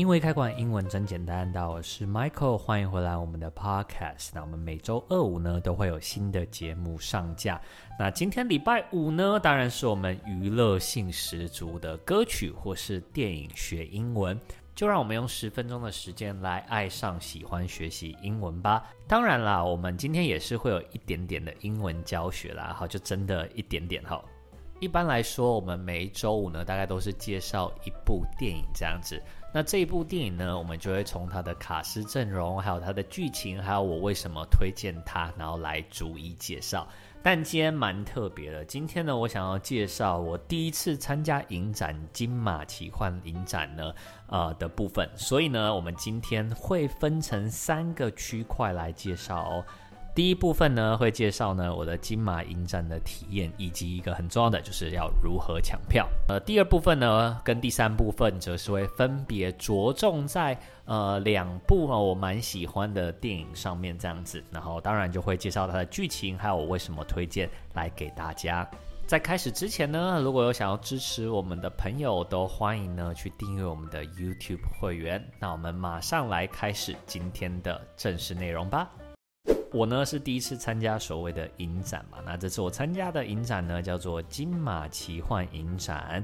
因為開罐英文真簡單，大家好，我是 Michael，歡迎回來我們的 podcast。那我們每周二五呢都會有新的節目上架。那今天禮拜五呢，當然是我們娛樂性十足的歌曲或是電影學英文。就讓我們用十分鐘的時間來愛上喜歡學習英文吧。當然啦，我們今天也是會有一點點的英文教學啦，好，就真的一點點一般來說，我們每一周五呢，大概都是介紹一部電影這樣子。那這一部電影呢，我們就會從它的卡司陣容、還有它的劇情，還有我為什麼推薦它，然後來逐一介紹。但今天蠻特別的，今天呢，我想要介紹我第一次參加影展——金馬奇幻影展呢，呃，的部分。所以呢，我們今天會分成三個區塊來介紹哦。第一部分呢，會介紹呢我的金馬影展的體驗，以及一個很重要的，就是要如何搶票。呃，第二部分呢，跟第三部分則是會分別着重在呃兩部啊，我蠻喜歡的電影上面這樣子，然後當然就會介紹它的劇情，還有我為什麼推薦來給大家。在開始之前呢，如果有想要支持我們的朋友，都歡迎呢去訂閱我們的 YouTube 會員。那我們馬上來開始今天的正式內容吧。我呢是第一次參加所謂的影展嘛，那這次我參加的影展呢叫做金馬奇幻影展。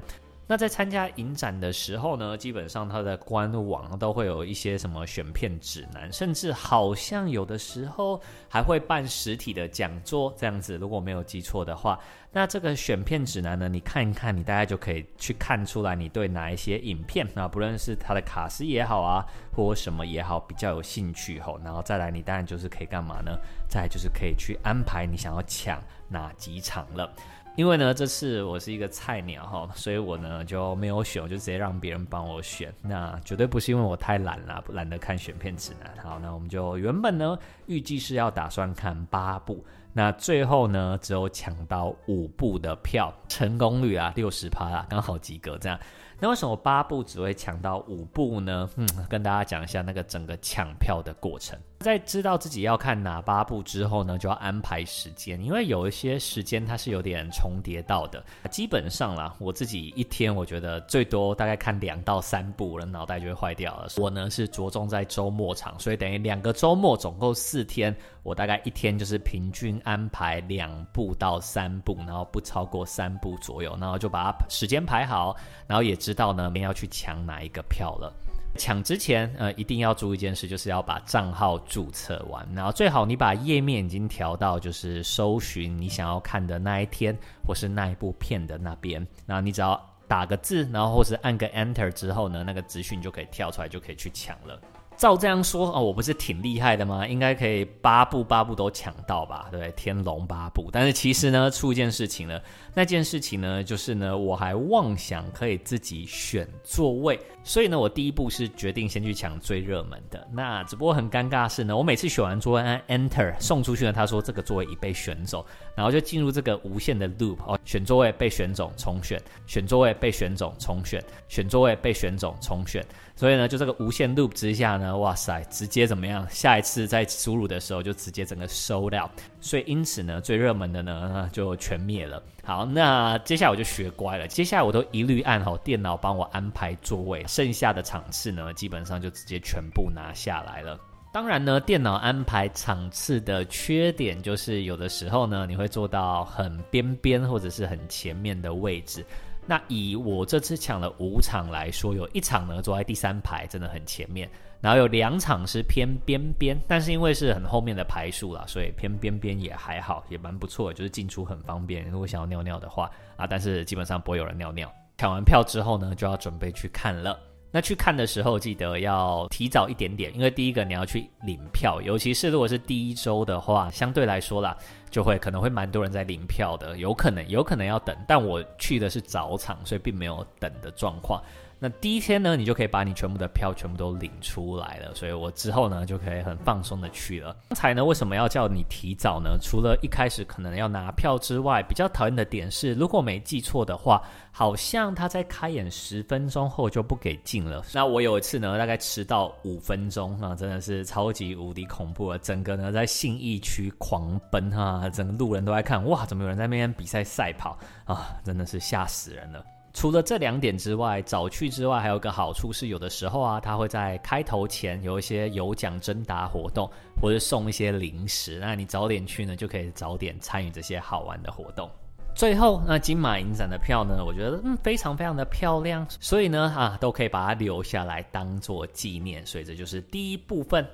那在參加影展的時候呢，基本上它的官網都會有一些什麼選片指南，甚至好像有的時候還會辦實體的講座這樣子。如果沒有記錯的話，那這個選片指南呢，你看一看，你大概就可以去看出來你對哪一些影片啊，那不論是它的卡司也好啊，或什麼也好，比較有興趣吼。然後再來，你當然就是可以幹嘛呢？再來就是可以去安排你想要搶哪幾場了。因為呢，這次我是一個菜鳥哈，所以我呢就沒有選，我就直接讓別人幫我選。那絕對不是因為我太懶了，懶得看選片指南。好，那我們就原本呢預計是要打算看八部，那最後呢只有搶到五部的票，成功率啊六十趴啊，剛好及格這樣。那為什麼八部只會搶到五部呢？嗯，跟大家講一下那個整個搶票的過程。在知道自己要看哪八部之後呢，就要安排時間，因為有一些時間它是有點重疊到的。基本上啦，我自己一天我覺得最多大概看兩到三部，人腦袋就會壞掉了。我呢是着重在周末場，所以等於兩個周末總共四天，我大概一天就是平均安排兩部到三部，然後不超過三部左右，然後就把它時間排好，然後也知道呢，明天要去搶哪一個票了。搶之前，呃，一定要注意一件事，就是要把賬號註冊完。然後最好你把頁面已經調到，就是搜尋你想要看的那一天或是那一部片的那邊。然後你只要打個字，然後或是按個 Enter 之後呢，那個資訊就可以跳出來，就可以去搶了。照這樣說啊，哦，我不是挺厲害的嗎？應該可以八部八部都搶到吧？對，天龍八部。但是其實呢，出一件事情了。那件事情呢，就是呢，我還妄想可以自己選座位。所以呢，我第一步是決定先去搶最熱門的。那只不過很尷尬是呢，我每次選完座位按 Enter 送出去呢，他說這個座位已被選走，然後就進入這個無限的 loop 哦，選座位被選走，重選；選座位被選走，重選；選座位被選走，重選。所以呢，就這個無限 loop 之下呢。哇塞，直接怎麼樣？下一次再輸入的時候就直接整個收掉。所以因此呢，最熱門的呢就全滅了。好，那接下來我就學乖了，接下來我都一律按好電腦幫我安排座位，剩下的場次呢，基本上就直接全部拿下來了。當然呢，電腦安排場次的缺點就是有的時候呢，你會坐到很邊邊或者是很前面的位置。那以我這次搶了五場來說，有一場呢坐在第三排，真的很前面。然後有兩場是偏邊邊，但是因為是很後面的排數啦，所以偏邊邊也還好，也蠻不錯的，就是進出很方便。如果想要尿尿的話啊，但是基本上不會有人尿尿。搶完票之後呢，就要準備去看了。那去看的時候，記得要提早一點點，因為第一個你要去領票，尤其是如果是第一週的話，相對來說啦，就會可能會蠻多人在領票的，有可能有可能要等。但我去的是早場，所以並沒有等的狀況。那第一天呢，你就可以把你全部的票全部都領出來了，所以我之後呢就可以很放鬆的去了。剛才呢為什麼要叫你提早呢？除了一開始可能要拿票之外，比較討厭的點是，如果沒記錯的話，好像他在開演十分鐘後就不給進了。那我有一次呢，大概遲到五分鐘啊，真的是超級無敵恐怖啊！整個呢在信義區狂奔啊，整個路人都在看哇，怎麼有人在那邊比賽賽跑啊？真的是嚇死人了。除了這兩點之外，早去之外，還有個好處是，有的時候啊，他會在開頭前有一些有獎徵答活動，或者送一些零食。那你早點去呢，就可以早點參與這些好玩的活動。最後，那金馬影展的票呢，我覺得嗯非常非常的漂亮，所以呢啊，都可以把它留下來當做紀念。所以這就是第一部分。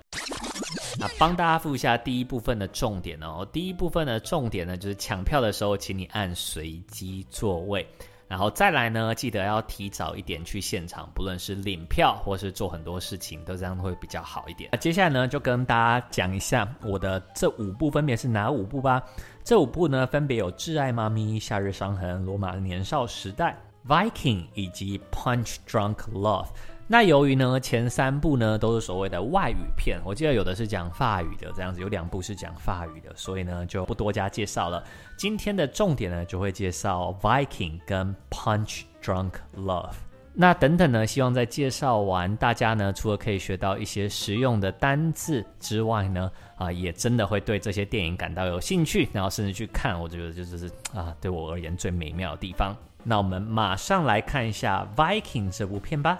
那、啊、幫大家複一下第一部分的重點哦。第一部分的重點呢，就是搶票的時候，請你按隨機座位。然後再來呢，記得要提早一點去現場，不論是領票或是做很多事情，都這樣會比較好一點。那、啊、接下來呢，就跟大家講一下我的這五部，分別是哪五部吧？這五部呢，分別有《摯愛媽咪》、《夏日傷痕》、《羅馬的年少時代》、《Viking》以及《Punch Drunk Love》。那由於呢，前三部呢都是所謂的外語片，我記得有的是講法語的這樣子，有兩部是講法語的，所以呢就不多加介紹了。今天的重點呢就會介紹《Viking》跟《Punch Drunk Love》。那等等呢，希望在介紹完，大家呢除了可以學到一些實用的單字之外呢，啊，也真的會對這些電影感到有興趣，然後甚至去看，我覺得就是啊，對我而言最美妙的地方。那我們馬上來看一下《Viking》這部片吧。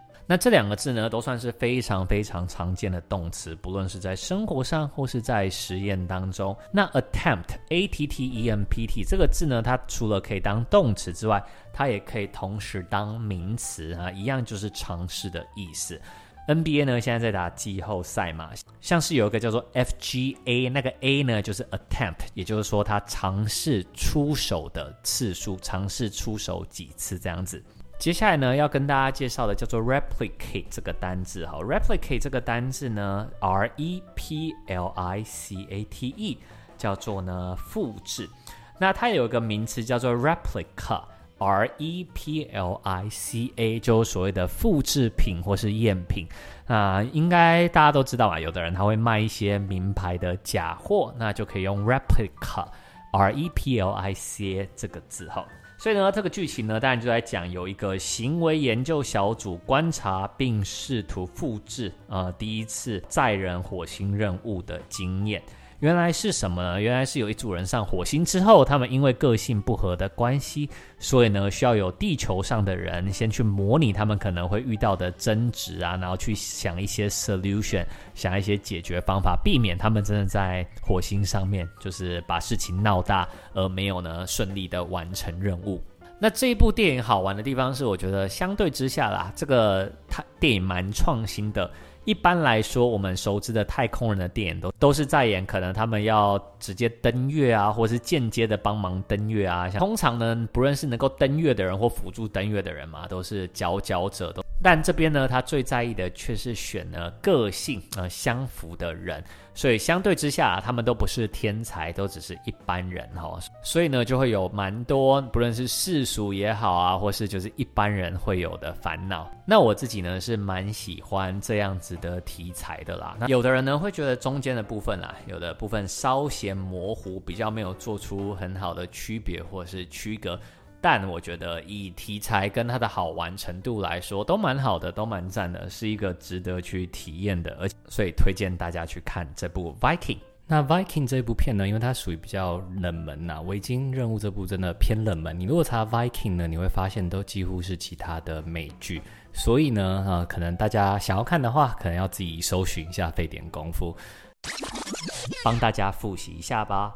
那這兩個字呢，都算是非常非常常見的動詞，不論是在生活上或是在實驗當中。那 attempt A T T E M P T 這個字呢，它除了可以當動詞之外，它也可以同時當名詞啊，一樣就是嘗試的意思。NBA 呢，現在在打季後賽嘛，像是有一個叫做 FGA，那個 A 呢，就是 attempt，也就是說它嘗試出手的次數，嘗試出手幾次這樣子。接下來呢，要跟大家介紹的叫做 replicate 這個單字哈，replicate 這個單字呢，r e p l i c a t e，叫做呢複製。那它有一個名詞叫做 replica，r e p l i c a，就所謂的複製品或是贗品。那、呃、應該大家都知道啊，有的人他會賣一些名牌的假貨，那就可以用 replica，r e p l i c a 這個字哈。所以呢，這個劇情呢，當然就在講有一個行為研究小組觀察並試圖複製，呃，第一次載人火星任務的經驗。原來是什麼呢？原來是有一組人上火星之後，他們因為個性不合的關係，所以呢需要有地球上的人先去模擬他們可能會遇到的爭執啊，然後去想一些 solution，想一些解決方法，避免他們真的在火星上面就是把事情鬧大，而沒有呢順利的完成任務。那這一部電影好玩的地方是，我覺得相對之下啦，這個它電影蠻創新的。一般來說，我們熟知的太空人的電影都都是在演，可能他們要直接登月啊，或是間接的幫忙登月啊。像，通常呢，不論是能夠登月的人或輔助登月的人嘛，都是佼佼者的。都，但這邊呢，他最在意的卻是選了個性呃相符的人。所以相對之下啊，他們都不是天才，都只是一般人哦。所以呢，就會有蠻多，不論是世俗也好啊，或是就是一般人會有的煩惱。那我自己呢，是蠻喜歡這樣子的題材的啦。那有的人呢，會覺得中間的部分啊，有的部分稍嫌模糊，比較沒有做出很好的區別或是區隔。但我覺得以題材跟它的好玩程度來說，都蠻好的，都蠻讚的，是一個值得去體驗的，而且所以推薦大家去看這部《Viking》。那《Viking》這部片呢，因為它屬於比較冷門吶、啊，《維京任務》這部真的偏冷門。你如果查《Viking》呢，你會發現都幾乎是其他的美劇。所以呢，呃，可能大家想要看的話，可能要自己搜尋一下，費點功夫，幫大家複習一下吧。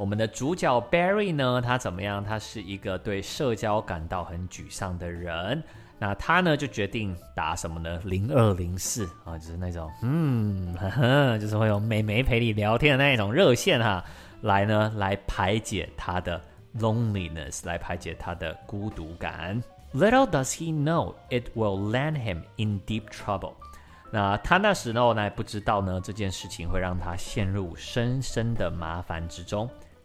我們的主角 Barry 呢？他怎麼樣？他是一個對社交感到很沮喪的人。那他呢，就決定打什麼呢？零二零四啊，就是那種嗯，呵呵，就是會有妹妹陪你聊天的那一種熱線哈，來呢，來排解他的 loneliness，來排解他的孤獨感。Little does he know it will land him in deep trouble。那他那時候呢，不知道呢，這件事情會讓他陷入深深的麻煩之中。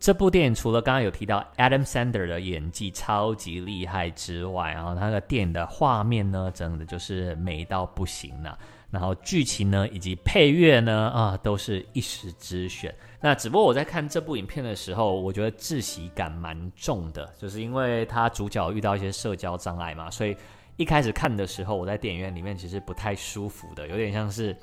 這部電影除了剛剛有提到 Adam Sandler 的演技超級厲害之外，然後他的電影的畫面呢，真的就是美到不行了。然後劇情呢，以及配樂呢，啊，都是一時之選。那只不過我在看這部影片的時候，我覺得窒息感蠻重的，就是因為他主角遇到一些社交障礙嘛，所以一開始看的時候，我在電影院裡面其實不太舒服的，有點像是。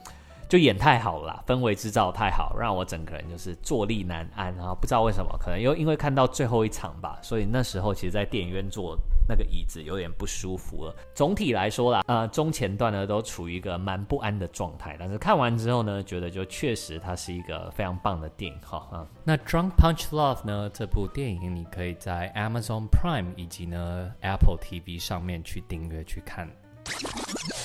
就演太好了啦，氛圍製造太好，讓我整個人就是坐立難安。然後不知道為什麼，可能又因為看到最後一場吧，所以那時候其實，在電影院坐那個椅子有點不舒服了。總體來說啦，呃，中前段呢都處於一個蠻不安的狀態，但是看完之後呢，覺得就確實它是一個非常棒的電影哈。哦嗯，那《Drunk Punch Love》呢，這部電影你可以在 Amazon Prime 以及呢 Apple TV 上面去訂閱去看。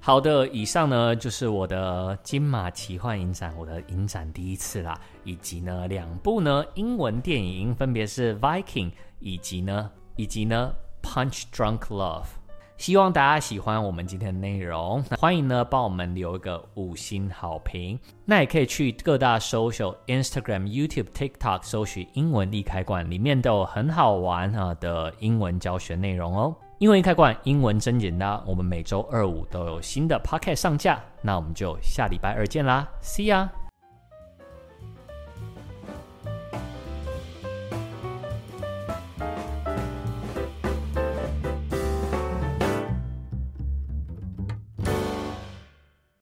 好的，以上呢就是我的金馬奇幻影展，我的影展第一次啦，以及呢兩部呢英文電影，分別是《Viking》以及呢以及呢《Punch Drunk Love》。希望大家喜歡我們今天的內容，歡迎呢幫我們留一個五星好評。那也可以去各大 social、Instagram、YouTube、TikTok 搜尋“英文易開罐”，裡面都有很好玩啊的英文教學內容哦。英文易開罐，英文真簡單、啊。我們每周二五都有新的 podcast 上架，那我們就下禮拜二見啦，See ya！